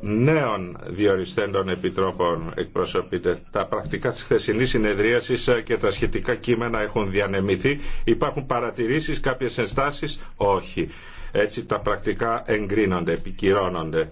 νέων διοριστέντων επιτρόπων εκπροσωπείται. Τα πρακτικά της χθεσινής συνεδρίασης και τα σχετικά κείμενα έχουν διανεμηθεί. Υπάρχουν παρατηρήσεις, κάποιες ενστάσεις, όχι. Έτσι τα πρακτικά εγκρίνονται, επικυρώνονται.